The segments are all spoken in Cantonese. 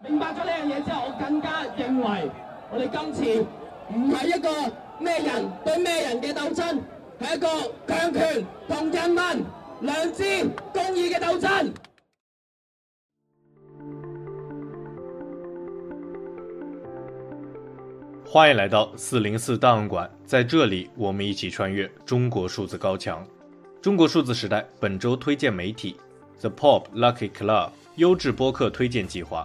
明白咗呢樣嘢之後，我更加認為我哋今次唔係一個咩人對咩人嘅鬥爭，係一個強權同人民良知公義嘅鬥爭。歡迎來到四零四檔案館，在這裏我們一起穿越中國數字高牆。中國數字時代本周推薦媒體 The Pop Lucky Club 優質播客推薦計劃。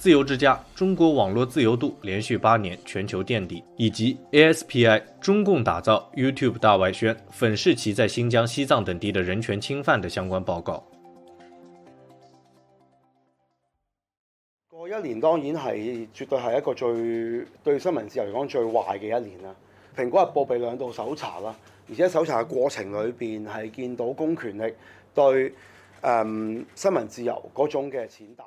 自由之家中國網絡自由度連續八年全球墊底，以及 ASPI 中共打造 YouTube 大外宣，粉飾其在新疆、西藏等地的人權侵犯的相關報告。過一年，當然係絕對係一個最對新聞自由嚟講最壞嘅一年啦。蘋果日報被兩度搜查啦，而且搜查嘅過程裏邊係見到公權力對誒、嗯、新聞自由嗰種嘅踐踏。